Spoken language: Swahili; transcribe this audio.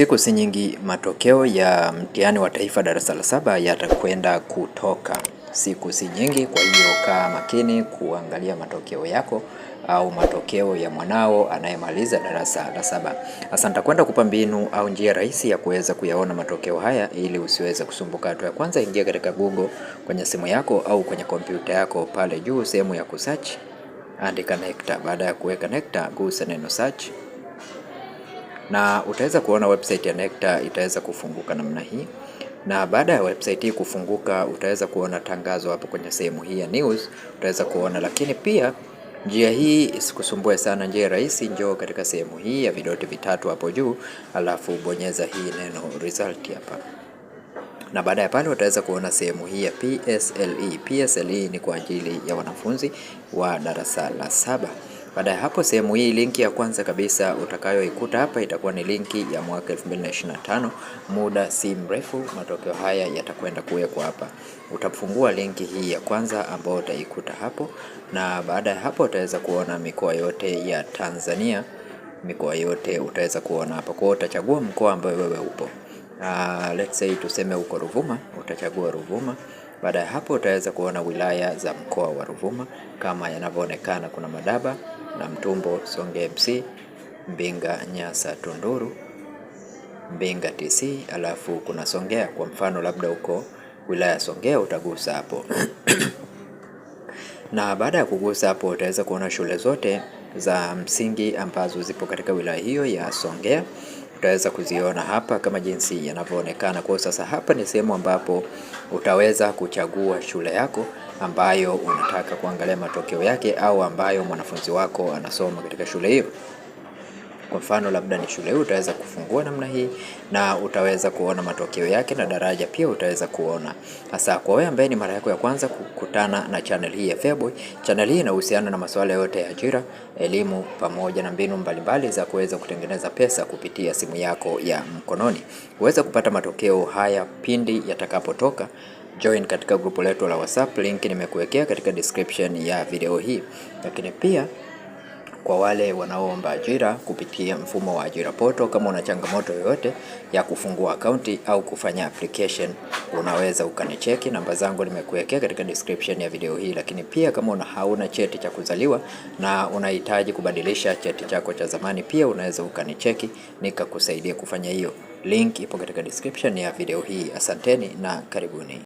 Siku si nyingi matokeo ya mtihani wa taifa darasa la saba yatakwenda kutoka. Siku si nyingi, kwa hiyo kaa makini kuangalia matokeo yako au matokeo ya mwanao anayemaliza darasa la saba. Sasa nitakwenda kupa mbinu au njia rahisi ya kuweza kuyaona matokeo haya ili usiweze kusumbuka. Hatua ya kwanza, ingia katika Google kwenye simu yako au kwenye kompyuta yako, pale juu sehemu ya kusearch andika NECTA. Baada ya kuweka NECTA, gusa neno search na utaweza kuona website ya NECTA itaweza kufunguka namna hii, na baada ya website hii kufunguka, utaweza kuona tangazo hapo kwenye sehemu hii ya news, utaweza kuona lakini pia njia hii isikusumbue sana, njia rahisi. Njoo katika sehemu hii ya vidoti vitatu hapo juu, alafu bonyeza hii neno result hapa, na baada ya pale utaweza kuona sehemu hii ya PSLE. PSLE ni kwa ajili ya wanafunzi wa darasa la saba. Baada ya hapo, sehemu hii linki ya kwanza kabisa utakayoikuta hapa itakuwa ni linki ya mwaka 2025. Muda si mrefu matokeo haya yatakwenda kuwekwa hapa. Utafungua linki hii ya kwanza ambayo utaikuta hapo, na baada ya hapo utaweza kuona mikoa yote ya Tanzania, mikoa yote utaweza kuona hapa. Kwa hiyo utachagua mkoa ambao wewe upo. Uh, let's say tuseme uko Ruvuma, utachagua Ruvuma. Baada ya hapo utaweza kuona wilaya za mkoa wa Ruvuma kama yanavyoonekana, kuna Madaba na Mtumbo Songea MC, Mbinga Nyasa Tunduru, Mbinga TC, alafu kuna Songea. Kwa mfano labda uko wilaya ya Songea, utagusa hapo na baada ya kugusa hapo utaweza kuona shule zote za msingi ambazo zipo katika wilaya hiyo ya Songea utaweza kuziona hapa kama jinsi yanavyoonekana. Kwa sasa hapa ni sehemu ambapo utaweza kuchagua shule yako ambayo unataka kuangalia matokeo yake au ambayo mwanafunzi wako anasoma katika shule hiyo. Kwa mfano labda ni shule hiyo, utaweza kufungua namna hii na utaweza kuona matokeo yake na daraja pia utaweza kuona. Hasa kwa wewe ambaye ni mara yako ya kwanza kukutana na channel hii ya Feaboy, channel hii inahusiana na masuala yote ya ajira, elimu pamoja na mbinu mbalimbali za kuweza kutengeneza pesa kupitia simu yako ya mkononi. Uweza kupata matokeo haya pindi yatakapotoka join katika grupu letu la WhatsApp, link nimekuwekea katika description ya video hii. Lakini pia kwa wale wanaoomba ajira kupitia mfumo wa ajira poto, kama una changamoto yoyote ya kufungua akaunti au kufanya application, unaweza ukanicheki. Namba zangu nimekuwekea katika description ya video hii. Lakini pia kama una hauna cheti cha kuzaliwa na unahitaji kubadilisha cheti chako cha zamani, pia unaweza ukanicheki nikakusaidia kufanya hiyo. Link ipo katika description ya video hii. Asanteni na karibuni.